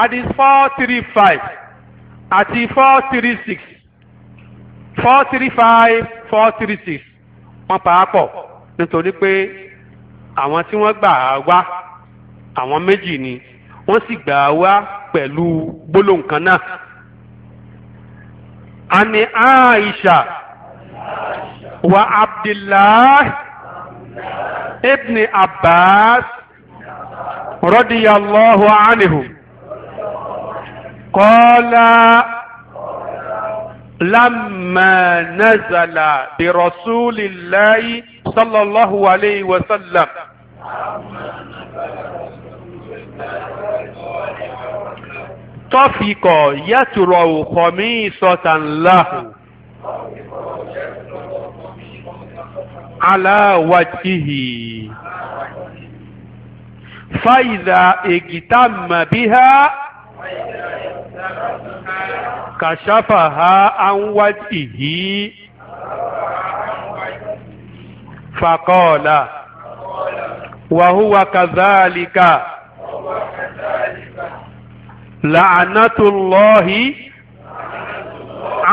hadith four three five àti four three six four three five four three six wọ́n paapọ̀ nítorí pé àwọn tí wọ́n gbà á wá àwọn méjì ni wọ́n sì gbà á wá pẹ̀lú gbólóhùn kan náà. ani aisha wa abdillah ibni abbas radiyallahu anihum. قال لما نزل برسول الله صلى الله عليه وسلم طفق يترى خميصة له على وجهه فإذا اجتم بها kàṣáfà ha anwájì yìí fàkọọ̀là wàhúwa kàzáàlìkà làánàtúlọ́hì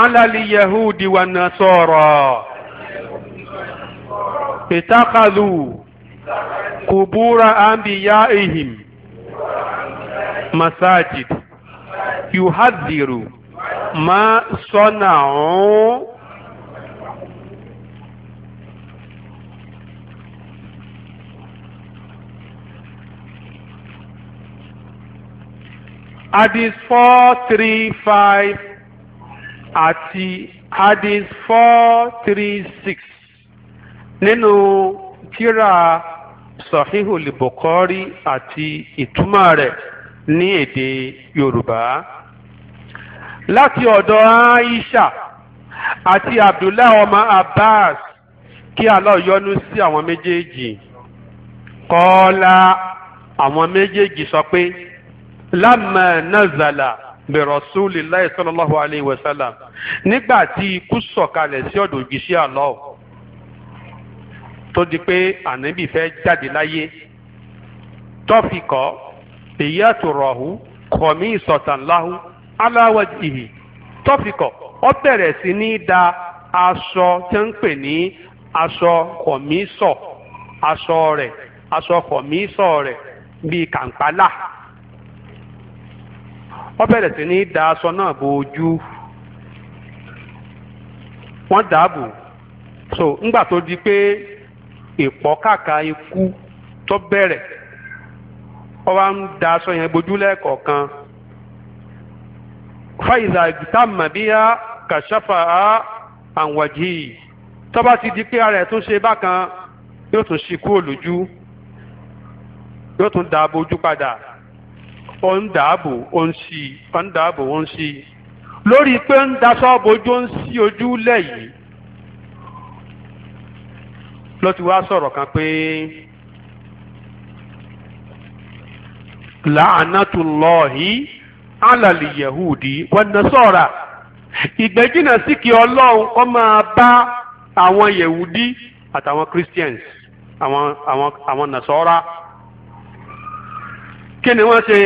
alàlìyahudi wà nasọ̀rọ̀ ìtàkàlù kùbúra àmbìyá ihim masajid yuhadiru ma sọ́nà ọ̀hún. hadith four three five àti hadith four three six nínú kíra sọ̀híhù lìbùkọ́rí àti ìtumọ̀ rẹ̀ ní èdè Yorùbá láti ọ̀dọ̀ Aisha àti Abdullahi ọmọ Abbas kí Allah yọ́nú sí àwọn méjèèjì kọ́ọ́lá àwọn méjèèjì sọ pé lámà nazala bi Rasulillahi sallallahu alayhi wa sallam nígbà tí ikú sọ̀kalẹ̀ sí ọ̀dọ̀ òjíṣẹ́ Allah tó di pé ànábì fẹ́ jáde láyé tọ́fìkọ́ ìyá tòrọ̀hù kọ̀mí ìsọ̀tàn láhù. aláwọ̀jìhì tọ́fìkọ̀ ọ bẹ̀rẹ̀ sí ní da aṣọ tí ń pè ní aṣọ kọ̀mísọ̀ aṣọ rẹ̀ aṣọ kọ̀mísọ̀ rẹ̀ bíi kàǹpálà ọ bẹ̀rẹ̀ sí ní da aṣọ náà bo ojú wọ́n dàbò so ńgbà tó di pé ìpọ́kàkà ikú tó bẹ̀rẹ̀ ọ wá ń da aṣọ yẹn bojú lẹ́ẹ̀kọ̀ọ̀kan. fàyìzà ìtàmà bí a kàṣàfà á àwàjì tọ́ba ti di pé ara ẹ̀ tún ṣe bákan yóò tún ṣì kúrò lójú yóò tún dáàbò ojú padà ó ń dáàbò ó ń ṣí ó ń dáàbò ó ń ṣí lórí pé ń daṣọ́ bojú ń ṣí ojú lẹ́yìn ló ti wá sọ̀rọ̀ kan pé la'anatullahi. Alali yahudi wọnàsọ́ra ìgbẹ́jìnà sí kí ọlọ́run kó máa bá àwọn yahudi àtàwọn christians àwọn àwọn àwọn nàsọ́ra kí ni wọ́n ṣe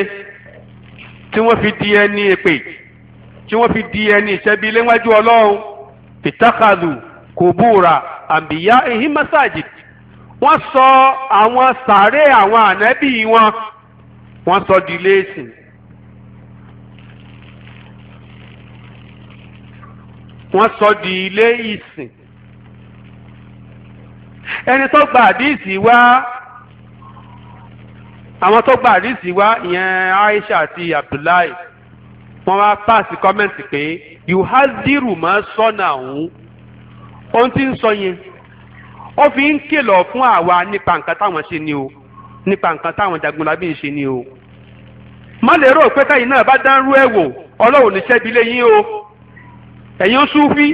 tí wọ́n fi di ẹni èpè tí wọ́n fi di ẹni ìṣẹ́bi léwájú ọlọ́run ìtàkàlù kòbúra àbíyá ehin masajid wọ́n sọ àwọn sàárè àwọn ànábì wọn wọ́n sọ di léèsìn wọ́n sọ di ilé ìsìn ẹni tó gba àdìsí wá àwọn tó gba àdìsí wá ìyẹn Aisha àti Abdullahi wọ́n wá pàṣẹ kọ́mẹ́ǹtì pé yuhadiru máa sọ́nà òun ohun tí ń sọ yẹn ó fi ń kìlọ̀ fún àwa nípa nǹkan táwọn ṣe ni o nípa nǹkan táwọn jagunlabi ń ṣe ni o má lè rò pé táyì náà bá dánrú ẹ̀ wò ọlọ́run níṣẹ́ o. ẹ̀yin sufi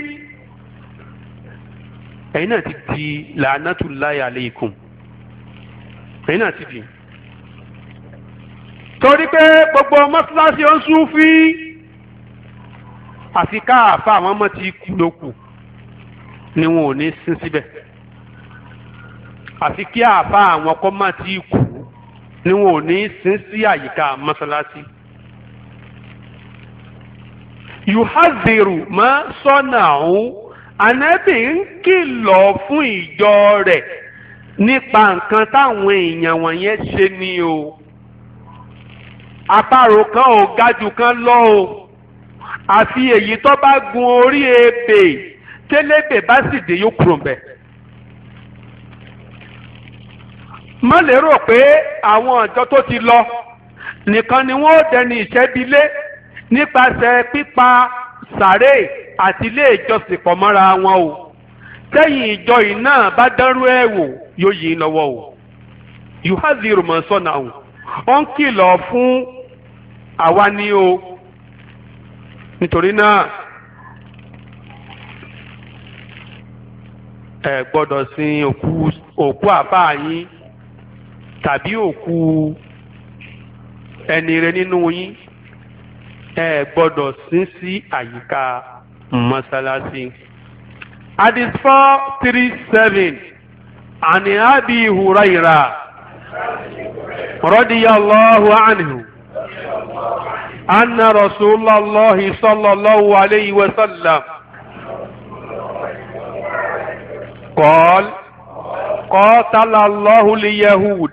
ẹ̀yin náà ti di làánàtúláyà aleikum ẹ̀yin náà ti di torí pé gbogbo mọ́sálásí ó ń sufi àfi káàfa àwọn ọmọ ti kú lókù ni wọn ò ní sin síbẹ̀ àfi kí àwọn ọkọ máa ti kú ni wọn ò ní sin sí àyíká mọ́sálásí yuhaziru ma sọ́nàún ànábì ń kìlọ̀ fún ìjọ rẹ̀ nípa nǹkan táwọn èèyàn wọ̀nyẹn ṣe ni o àparò kan ò ga jù kan lọ o àfi èyí tó bá gun orí ebè télébè bá sì dé yóò kúrò mbẹ. má lérò pé àwọn ọ̀jọ́ tó ti lọ nìkan ni wọ́n dẹni ìṣẹ́bi nípasẹ̀ pípa sàré àti ilé ìjọsìn pọ̀ mọ́ra wọn o tẹ́yìn ìjọ yìí náà bá dánrú ẹ̀ wò yóò yí lọ́wọ́ o yuhazi romọ̀nsọ́nà o ó ń kìlọ̀ fún àwa ni o nítorí náà ẹ gbọ́dọ̀ sin òkú òkú àbá yín tàbí òkú ẹnìrè nínú yín. ẹ gbọ́dọ̀ sín sí àyíká mọ́sálásí. hadith four three seven àní abi hurayra radiyallahu anhu anna rasulallah sallallahu alayhi wa sallam qal qatala allahu liyahud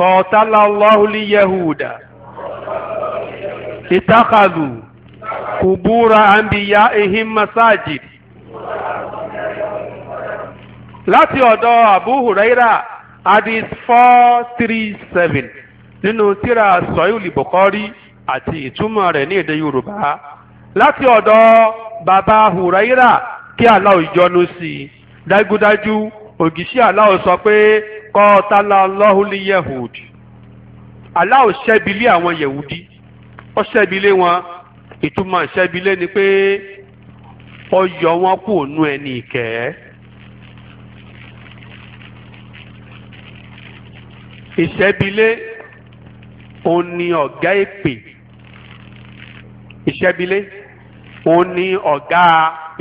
qatala allahu liyahud. اتخذوا قبور أنبيائهم مساجد láti ọ̀dọ̀ Abu Huraira hadith four three seven nínú tírà sọ́yìlì Bukhari àti ìtumọ̀ rẹ̀ ní èdè Yorùbá láti ọ̀dọ̀ baba Huraira kí Allah yọ́nú sí i dájúdájú ògìṣẹ́ sọ pé kọ́ tálá lọ́hùn ní yehud ṣẹ́bi lé àwọn yehudi ó ṣẹ́bilé wọn ìtumọ̀ ṣẹ́bilé ni pé ó wọn kú ònú ẹni ìkẹ́. ìṣẹ́bilé òun ni ọ̀gá èpè ìṣẹ́bilé òun ni ọ̀gá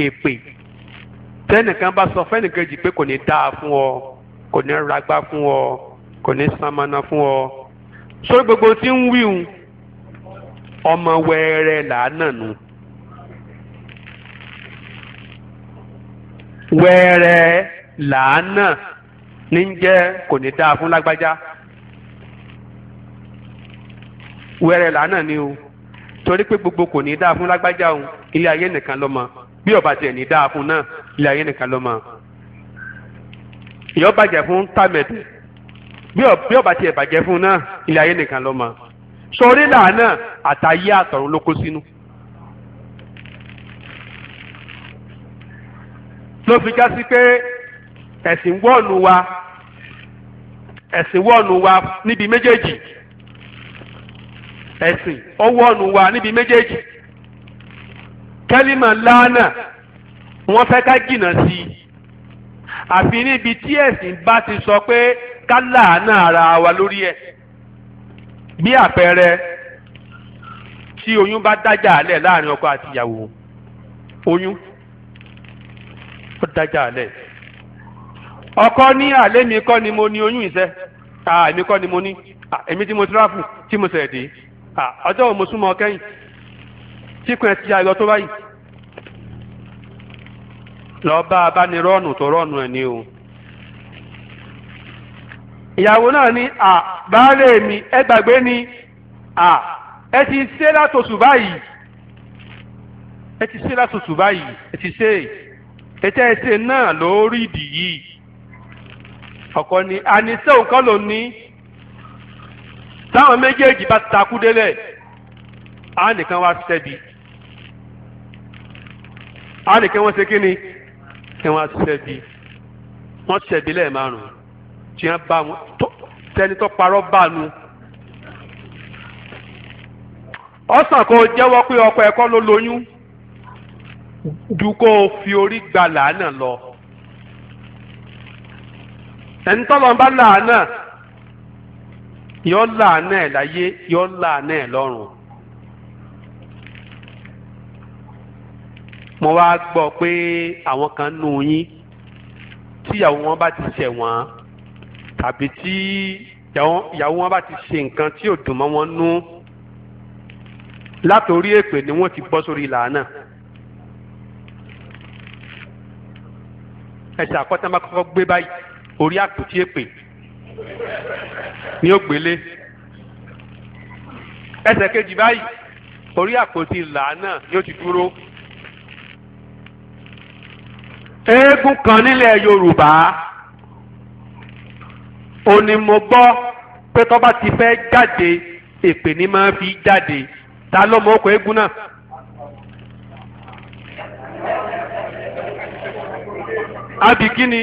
èpè tẹ́nìkan bá sọ fẹ́nìkejì pé kò ní dáa fún ọ kò ní ragbá fún ọ kò ní sanmọ́nà fún ọ sórí gbogbo tí ń wíhun ọmọ wẹẹrẹ làánà nu wẹẹrẹ làánà ní ń jẹ kò ní dáa fún lágbájá wẹẹrẹ làánà ni o torí pé gbogbo kò ní dáa fún lágbájá o ilé ayé nìkan ló mọ̀ bí ó bá ní dáa fún náà ilé ayé nìkan ló mọ̀ ìyọ́ bàjẹ́ fún tàmẹ̀dù bí ó bá bàjẹ́ fún náà ilé ayé nìkan ló mọ̀. sọrí làánà àtàyé àtọ̀run ló kó sínú. ló fi já sí pé ẹ̀sìn wọ́ọ̀nù wa ẹ̀sìn wọ́ọ̀nù wa níbi méjèèjì ẹ̀sìn ó wọ́ọ̀nù wa níbi méjèèjì kẹ́límà lánà wọ́n fẹ́ ká jìnnà sí i àfi níbi tí ẹ̀sìn bá ti sọ pé ká làánà ara wa lórí ẹ̀. bí àpẹẹrẹ tí oyún bá dájà láàrin ọkọ àti ìyàwó oyún ó dájà ọkọ ní àlẹ́ mi kọ́ ni mo ní oyún ìṣẹ́ èmi kọ́ ni mo ní èmi tí mo tí mo dé mo ti tó báyìí Lọ bá ní tó rọ́ọ̀nù ní o. ìyàwó náà ní à baálé mi ẹ gbàgbé ni à ẹ ti ṣe látòṣù báyìí ẹ ti ṣe látòṣù báyìí ẹ ti ṣe ètò ẹsẹ náà ló rí ìdí yìí ọkọ ni àníṣe òǹkọ ló ní táwọn méjèèjì bá takú délẹ̀ á nìkan wá ṣẹbi á nìkan wọ́n ṣe kí ni kí wọ́n ṣẹbi wọ́n ṣẹbi lẹ́ẹ̀ tí wọ́n bá wọn tẹni tó parọ́ bánu. ọ̀sán kò jẹ́wọ́ pé ọkọ ẹ̀kọ́ ló lóyún ju kó o fi orí gba làánà lọ. ẹni tọ́lọ́ bá làánà yọ làánà ẹ̀ láyé yọ làánà ẹ̀ lọ́run. mo wá gbọ́ pé àwọn kan nù yín tíyàwó wọn bá ti ṣẹ̀ wọ́n tàbí tí ìyàwó wọn bá ti ṣe nǹkan tí ò dùn mọ́ wọn nú látòrí èpè ni wọ́n ti bọ́ sórí làánà. ẹsẹ̀ àkọ́tán bá kọ́kọ́ gbé báyìí orí àpótí èpè ni ó gbélé ẹsẹ̀ kejì báyìí orí àpótí làánà ni ó ti dúró. eégún kan nílẹ̀ Yorùbá òní mo gbọ́ pé tó bá ti fẹ́ jáde èpè ní máa fi jáde ta ló mọ ọkọ̀ eégún náà. àbí kíni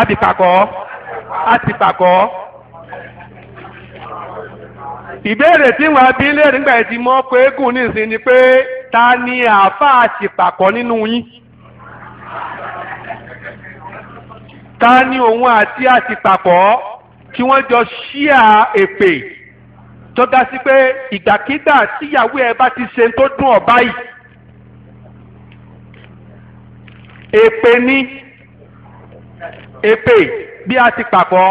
àbí pàkọ́ àti pàkọ́. ìbéèrè tí wọn bí léèrè nígbà tí mo ọkọ̀ eégún nísìnyí ni pé ta ni àáfàá àti pàkọ́ nínú yín. ta ni òun àti àtìpàpọ̀ tí wọ́n jọ ṣíà èpè tó dá sí pé ìgbàkigbà tíyàwó ẹ bá ti ṣe tó dùn ọ́ báyìí èpè ni èpè bí àtìpàpọ̀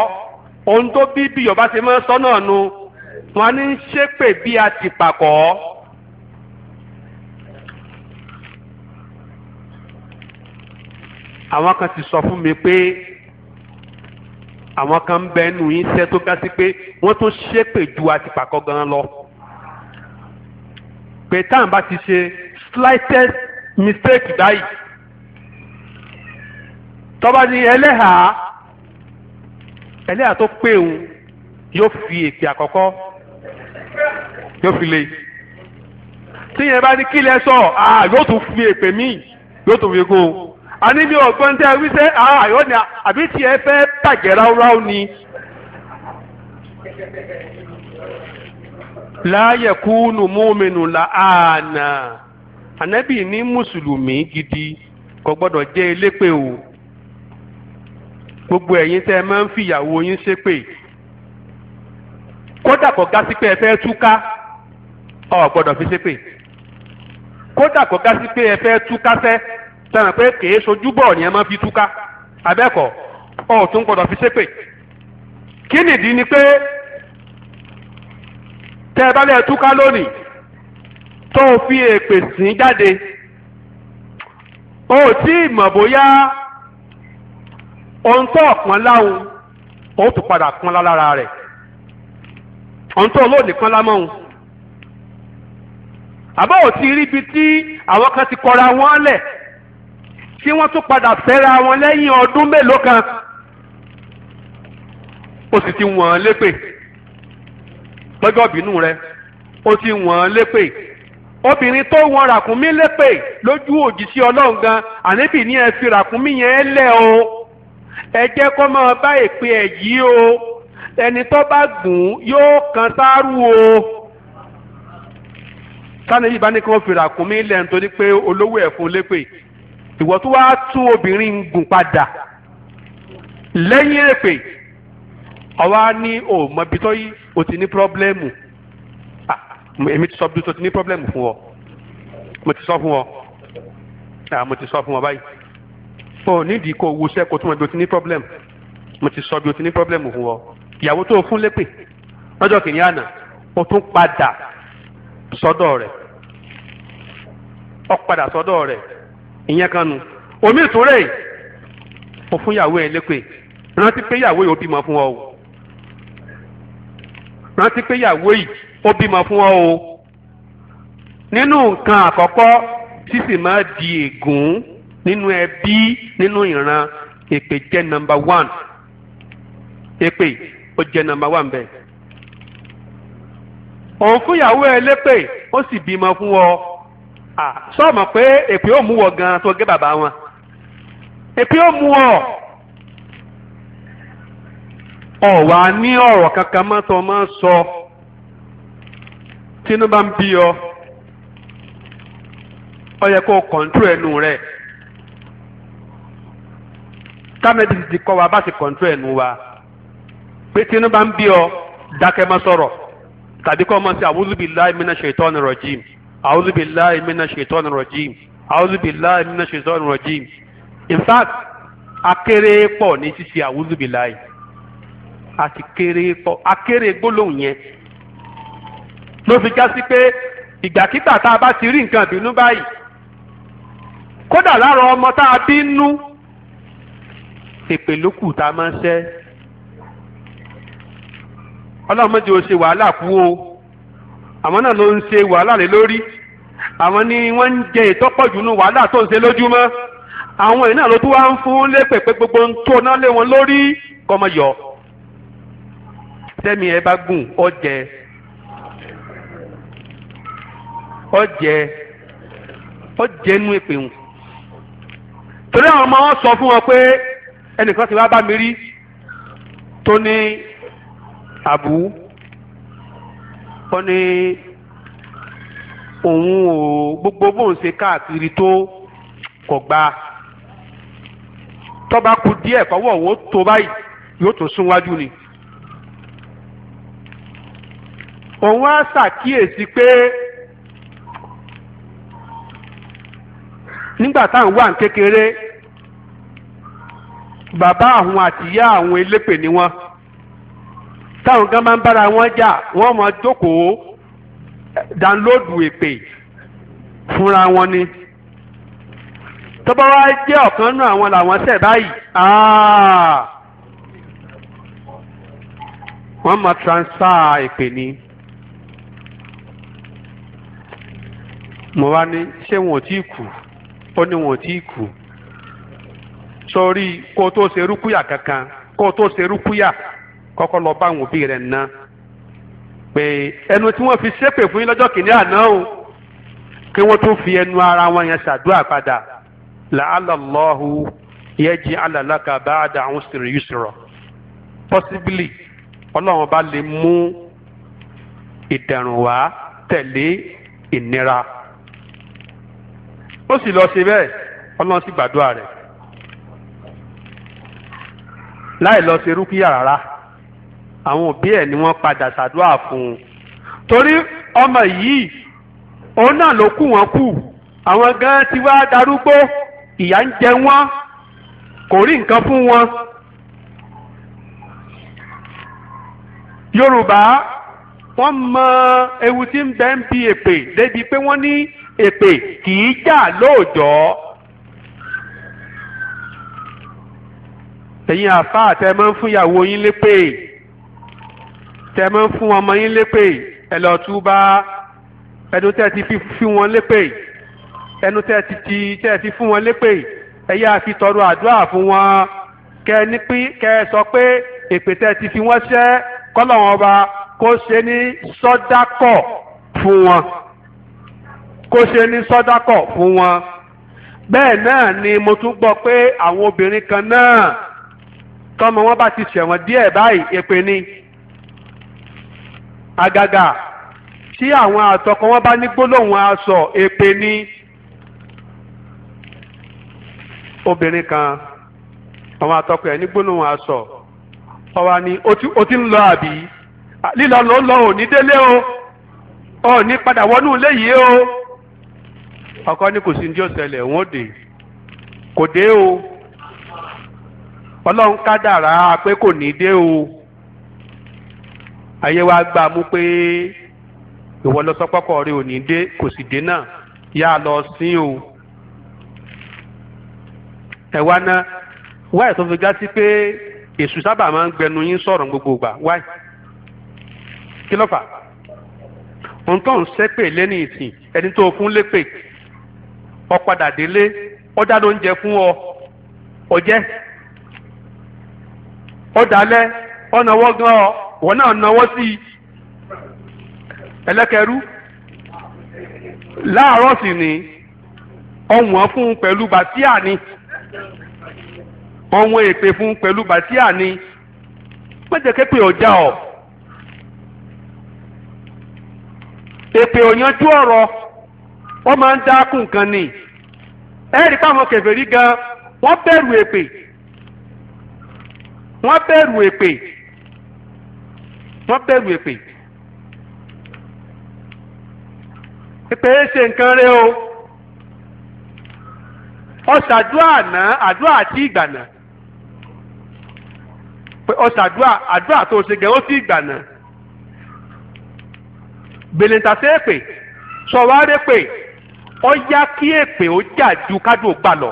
ohun tó bí bí Yorùbá ṣe máa ń sọ náà nu wọn ní ń ṣépè bí àtìpàpọ̀. àwọn kan ti sọ fún mi pé àwọn kan ń bẹ nù yín sẹ́ tó ga sí pé wọ́n tó ṣépè ju àtìpàkọ́ gan lọ pé táwọn bá ti ṣe slightest mistake báyìí tọ́ba ni ẹlẹ́hàá ẹlẹ́hàá tó pé òun yóò fi ètè àkọ́kọ́ yóò fi lé tíyẹn bá ní kílẹ̀ sọ ah, yóò tún fi èpè míì yóò tún fi gún un àníbi ọ̀gbọ́n tẹ́ wí sẹ́ ah, àyọ̀ ni àbí tiẹ̀ fẹ́ bàjẹ́ ráúráú ni. láàyè kúnnù múmínú la àánà ànábì ní mùsùlùmí gidi kò gbọ́dọ̀ jẹ́ elépè o gbogbo ẹ̀yin tẹ́ ẹ máa ń fìyàwó yín ṣépè kódà kò ga sí pé ẹ fẹ́ túká ọ̀ gbọ́dọ̀ fi ṣépè kódà kò ga sí pé ẹ fẹ́ túká sẹ́ sẹ́wọ̀n pé kèé sojúbọ̀ ni ẹ máa fi túká abẹ́kọ̀ ọ̀ tún gbọ́dọ̀ fi ṣépè kí nìdí ni pé tẹ́ ẹ bá lẹ́ẹ̀ túká lónìí tó o fi èpè sín jáde o tí ì mọ̀ bóyá ohun tó ọ̀pọ̀n láhùn o tún padà pọ́n lára rẹ̀ ohun tó olóòní kan lámọ́hùn àbá ò ti rí ibi tí àwọn kan ti kọra wọn lẹ̀ tí wọ́n tún padà fẹ́ra wọn lẹ́yìn ọdún mélòó kan ó sì ti wọ̀n lépè lọ́jọ́ bínú rẹ̀ ó ti wọ̀n lépè obìnrin tó wọ̀n ràkúnmí lépè lójú òjíṣẹ́ ọlọ́run gan àníbì ní ẹ fi ràkúnmí yẹn lẹ̀ o ẹ jẹ́ kó máa bá èpè ẹ̀ yí o ẹni tó bá gùn yóò kan sáárù o sani yìí bá ní kí wọ́n fi ràkúnmí lẹ̀ nítorí pé olówó ẹ̀fún lépè ìwọ tó wá tú obìnrin gùn padà lẹ́yìn èpè ọwọ́ ní o mọ ibi tó yí o ti ní pírọ́blẹ́mù ah, èmi ti sọ bí o ti ní pírọ́blẹ́mù fún ọ mo ti sọ fún ọ ah, mo ti sọ fún ọ báyìí o nídìí kó o wuṣẹ́ kó o tún mọ ibi o ti ní pírọ́blẹ́mù mo ti sọ bí o ti ní pírọ́blẹ́mù fún ọ ìyàwó tó o fún lépè lọ́jọ́ kìíní àná o tún padà sọ́dọ̀ rẹ̀ ọ padà sọ́dọ̀ rẹ̀ ìyẹn kan nu omi ìtúrẹ́ mo fún ìyàwó ẹ lépè rántí pé ìyàwó yìí ó bímọ fún ọ o rántí pé ìyàwó yìí ó bímọ fún ọ o nínú nǹkan àkọ́kọ́ tí máa di ègún nínú ẹbí nínú ìran èpè jẹ́ nọ́mbà one èpè ó jẹ́ nọ́mbà one bẹ́ẹ̀ òun fún ìyàwó ẹ lépè ó sì bímọ fún ọ sọ sọ́ọ̀mọ̀ pé èpè ó mú wọ gan tó gé bàbá wọn èpè ó mú ọ ọ wà ní ọ̀rọ̀ kankan mọ́ tó máa sọ tinubu bá ń bí ọ ọ yẹ kó ẹnu rẹ kámẹ́dì ti kọ́ wa bá ti kọ̀ǹtúrò ẹnu wa pé tinubu bá ń bí ọ dákẹ́ má sọ̀rọ̀ tàbí kọ́ ọ mọ̀ sí a'udhu billahi minash shaitani rajim. أعوذ بالله من الشيطان الرجيم أعوذ بالله من الشيطان الرجيم in fact akéré pọ̀ ní ṣíṣe أعوذ بالله àti kéré pọ̀ akéré gbólóhùn yẹn ló fi já sí pé ìgbàkígbà tá a bá ti rí nǹkan bínú báyìí kódà lára ọmọ tá a bí nú èpè lókù tá a máa ń ṣẹ́ ọlọ́run mọ́jọ́ ṣe wàhálà kú o àwọn náà ló ń ṣe wàhálà lé lórí àwọn ni wọ́n ń jẹ ìtọ́pọ̀jù nù wàhálà tó ń ṣe lójúmọ́ àwọn yìí náà ló tún wá ń fún lépè pé gbogbo ń tó náà lé wọn lórí kọ́mọ yọ tẹ́mi ẹ bá gùn ọ̀jẹ̀ ọ̀jẹ̀ ọ̀jẹ̀ nú èpè torí àwọn ọmọ wọn sọ fún wọn pé ẹnìkan ti wá bá mi rí tó ní àbú ó ní òun ò gbogbo bóun ṣe káàkiri tó kò gba tọ́ba kù díẹ̀ kọ́wọ́ òun ó tó báyìí yóò tó súnwájú ni. òun á ṣàkíyèsí pé nígbà táwọn wà ń kékeré bàbá àwọn àtìyá àwọn elépè ni wọ́n táwọn kan máa ń bára wọn jà wọ́n máa jókòó dánlóòdù èpè fúnra wọn ni tọ́ba wa jẹ́ ọ̀kan nù àwọn làwọn ṣẹ̀ báyìí ah! wọ́n máa transfer èpè ni. mo wá ní ṣé wọn ò tí ì kú ó ní wọn ò tí ì kú sórí kó o tó ṣe rúkúyà kankan kó o tó ṣe rúkúyà kọ́kọ́ lọ bá àwọn òbí rẹ̀ ná pé ẹnu tí wọ́n fi ṣépè fún yín lọ́jọ́ kìíní àná o kí wọ́n tún fi ẹnu ara wọn yẹn ṣàdúrà padà làálàlọ́hu yẹ́jì alàlákà bá a dà àwọn sèrè yìí sọ̀rọ̀ possibly ọlọ́run bá lè mú ìdẹ̀rùn wá tẹ̀lé ìnira ó sì lọ ṣe bẹ́ẹ̀ ọlọ́run sì gbàdúrà rẹ̀ láì lọ ṣe rúkìá rárá àwọn òbí ẹ̀ ni wọ́n padà ṣàdúrà fún un torí ọmọ yìí òun náà ló kù wọ́n kù àwọn gan ti wá darúgbó ìyà ń jẹ wọ́n kò rí nǹkan fún wọn. Yorùbá wọ́n mọ ewu tí ń bẹ ń bi èpè débi pé wọ́n ní èpè kì í jà lóòjọ́. ẹ̀yin àfáà tẹ́ máa ń fún ìyàwó yín lépè tẹ mọ́ fún ọmọ yín lépè ẹ lọ tú bá ẹnu tẹ́ ti fi wọn lépè ẹnu tẹ́ ti ti tẹ́ ti fún wọn lépè ẹ yá fi tọrọ àdúrà fún wọn kẹ ní pí kẹ sọ pé èpè tẹ́ ti fi wọ́n ṣẹ́ kọ́lọ́wọ́n ọba kó ṣe ní sọ́dákọ̀ fún wọn kó ṣe ní sọ́dákọ̀ fún wọn bẹ́ẹ̀ náà ni mo tún gbọ́ pé àwọn obìnrin kan náà tọ́mọ wọn bá ti ṣẹ̀wọ̀n díẹ̀ báyìí èpè ni. agaga tí àwọn àtọkọ wọn bá ní gbólóhùn aṣọ èpè ní obìnrin kan àwọn àtọkọ ẹ ní gbólóhùn aṣọ ọwa ni o ti ń lọ àbí lílọ ló ń lọ òní délé o òní padà wọnú ilé yìí o ọkọ ní kò sí ní ọ̀sẹ̀lẹ̀ wọn ò dé kò dé o ọlọ́run kádàrá pé kò ní dé o. ayé wa gbà mú pé ìwọ lọ sọ pọ́kọ̀ rí òní dé kò sì dé náà yá lọ sí o ẹ wá ná wáyé tó fi já pé èṣù sábà máa ń gbẹnu yín sọ̀rọ̀ gbogbo gbà wáyé kí ló fà ohun tó ń ṣépè lẹ́nu ìsìn ẹni tó fún lépè ó padà délé ọjà ló ń jẹ fún ọ ọjẹ ọdàlẹ ọ̀nà wọ́gán ọ wọn náà náwó sí i ẹlẹ́kẹ̀rú láàárọ̀ sì ni ọ̀wọ́n fún un pẹ̀lú bàtíà ni ọ̀wọ́n èpè fún un pẹ̀lú bàtíà ni pẹ́jẹ́kẹ́ pé ọjà ọ̀ èpè òyanjú ọ̀rọ̀ wọ́n máa ń dákùn nǹkan ni ẹ̀rí káwọn kèfèrí gan wọ́n bẹ̀rù èpè wọ́n bẹ̀rù èpè. wọ́n bẹ̀rù èpè èpè é ṣe nǹkan rẹ o ọ̀sàdúà àná àdúà àti ìgbànà ọ̀sàdúà àdúà tó ṣe gẹ̀ ó sì ìgbànà bèlèntàṣẹ́ èpè sọ̀wárẹ́ pè ó kí èpè ó jà ju kádùn lọ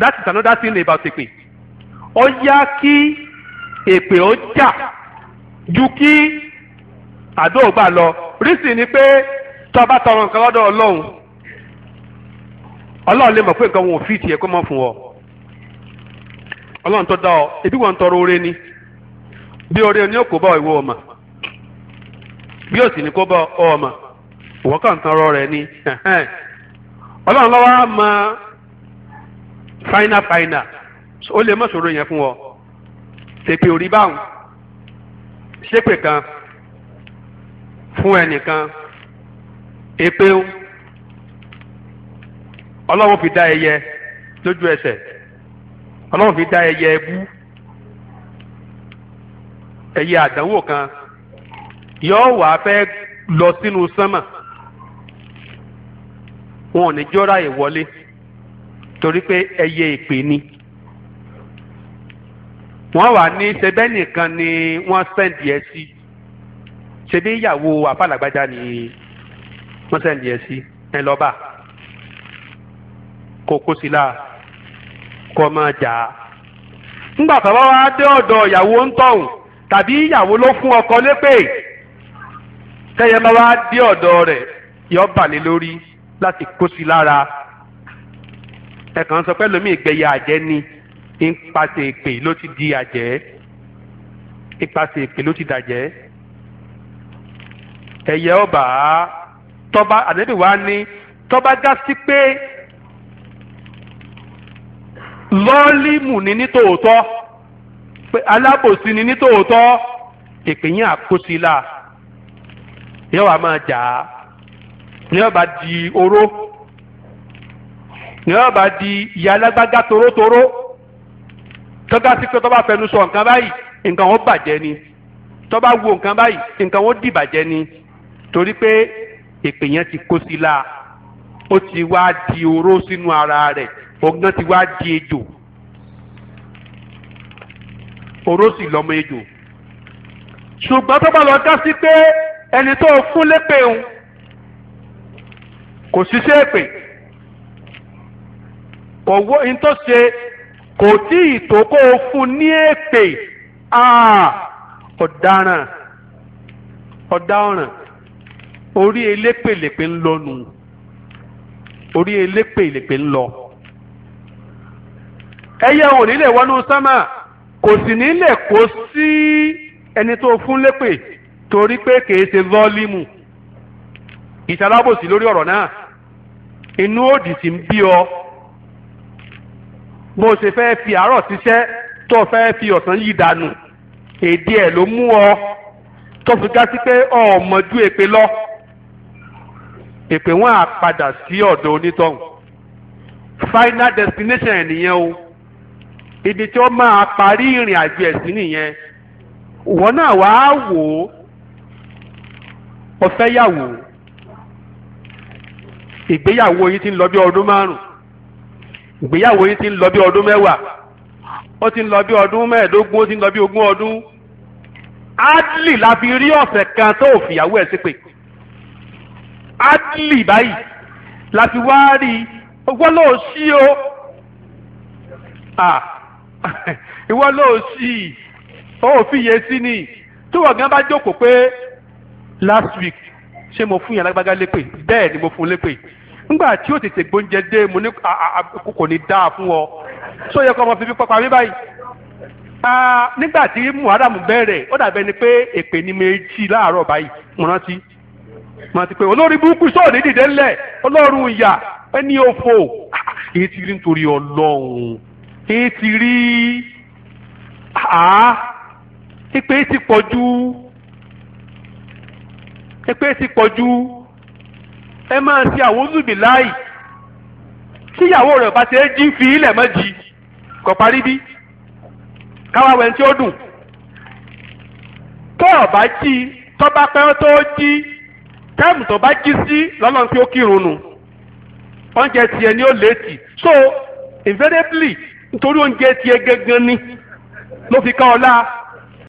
that is another thing about èpè kí. èpè ó jà ju kí àdóògbà lọ rísì ni pé tọrọ nǹkan lọ́dọ̀ ọlọ́run ọlọ́run lè mọ̀ pé nǹkan wọn ò fi tiẹ̀ kó mọ̀ fún ọ ọlọ́run tó dá ọ ebi wọn tọrọ oore ni bí oore ni ó kó bá ìwọ ọmọ bí ó sì ní kó bá ọ ọmọ ìwọ kàn rẹ ni ọlọ́run lọ́wọ́ á mọ fáínà fáínà ó lè mọ̀ sọ̀rọ̀ yẹn fún ọ. ṣèpè orí báwọn ṣépè kan fún ẹnìkan èpè ń ọlọ́run fi dá ẹyẹ lójú ẹsẹ̀ ọlọ́run fi dá ẹyẹ ẹbú ẹyẹ àdánwò kan yóò wá fẹ́ lọ sínú sánmà wọn ò ní jọ́ra ìwọlé torí pé ẹyẹ èpè ni. wọ́n wà ní ṣebẹ́ nìkan ni wọ́n sẹ́ǹdì ẹ̀ sí ṣebí ìyàwó àfàlàgbájá ni wọ́n sẹ́ǹdì ẹ̀ sí ẹ lọ́ba kò kó sí la kọ́ má jà á. ńgbà bàbá wa dé ọ̀dọ̀ ìyàwó ń tọ̀hún tàbí ìyàwó ló fún ọkọ lépè tẹ́yẹ bá wa dé ọ̀dọ̀ rẹ̀ yọ balẹ̀ lórí láti kó sí lára ẹ̀kan sọ pé lómi ìgbẹ́yà àjẹ́ ni. ipasẹ̀ èpè ló ti di àjẹ́ ipasẹ̀ èpè ló ti dàjẹ́ ẹ̀yẹ ọba tọ́ba àdébì wa ní tọ́ba já sí pé lọ́ọ́límù ni ní tòótọ́ pé alábòsí ni ní tòótọ́ èpè yín àkóso la yóò wá máa jà á ní ọba di oró ní ọba di ìyá alágbága torótoró tọ́ka sí pé tọ́ bá fẹnu sọ nǹkan báyìí nǹkan wọn bàjẹ́ ni tọ́ bá wo nǹkan báyìí nǹkan wọn dìbàjẹ́ ni torí pé èpè yẹn ti kó sí la ó ti wá di oró sínú ara rẹ̀ ọgbọ́n ti wá di ejò oró sì lọ́mọ ejò ṣùgbọ́n tó bá lọ dá sí pé ẹni tó fún lépè òun kò ṣiṣẹ́ èpè kò wó ní tó ṣe kò tí ì tó kó o fún ní èpè ọ̀daràn ọ̀daràn orí elépèlépè ń lọ nù orí elépèlépè ń lọ. ẹyẹ ò ní lè wọnú sámà kò sì ní kó sí ẹni tó fún lépè torí pé kìí ṣe vọ́límù ìṣalábòsí lórí ọ̀rọ̀ náà inú òdì sì ń bí ọ bó o ṣe fẹ́ fi àárọ̀ ṣiṣẹ́ tó o fẹ́ fi ọ̀sán yí dànù èdè ẹ̀ ló mú ọ tó fi gá sí pé ọmọ ju èpè lọ èpè wọn á padà sí ọ̀dọ̀ onítọ̀hún final destination ẹ̀ nìyẹn o ibi tí ó máa parí ìrìn àjò ẹ̀sìn nìyẹn wọn náà wàá wò ó ọ̀fẹ́ yàwó ìgbéyàwó yìí ti ń lọ bí ọdún márùn-ún ìgbéyàwó yín ti ń lọ bí ọdún mẹ́wàá ó ti ń lọ bí ọdún mẹ́ẹ̀ẹ́dógún ó ti ń lọ bí ogún ọdún adli la fi rí ọ̀sẹ̀ kan tó fìyàwó ẹ̀ ṣépè adli báyìí la fi wá rí ìwọ ló sí o ìwọ ló sí ó fìyè sí ni tí wọ́n gan bá jókòó pé last week ṣé mo fún yàrá gbága lépè bẹ́ẹ̀ ni mo fún lépè ńgbà tí ó tètè gbóúnjẹ dé mo ní kò ní dáa fún ọ sọ yẹ kó ọmọ fífi pọpọ àmì báyìí nígbà tí muhadamu bẹ̀rẹ̀ ó dàbẹ̀ ni pé èpè ni méjì láàárọ̀ báyìí mo rántí mo rántí pé olórí burúkú sọ̀rọ̀ ní dìde ńlẹ̀ ọlọ́run ìyà ẹni òfò èyí ti rí nítorí ọlọ́run èyí ti rí àá èpè ti pọ̀ jù èpè ti pọ̀ jù ẹ máa ṣe àwòzù bì láì tíyàwó rẹ̀ bá ṣe é jí fi ilẹ̀ mọ́ jí kò parí bí káwá wẹ̀ tí ó dùn tó ọ̀bá jí tó bá pẹ́ tó jí táìmù tó bá jí sí lọ́nà tí ó kírun nù oúnjẹ tiẹ̀ ni ó létí so invariably nítorí oúnjẹ tiẹ̀ gangan ni ló fi ká ọ láà.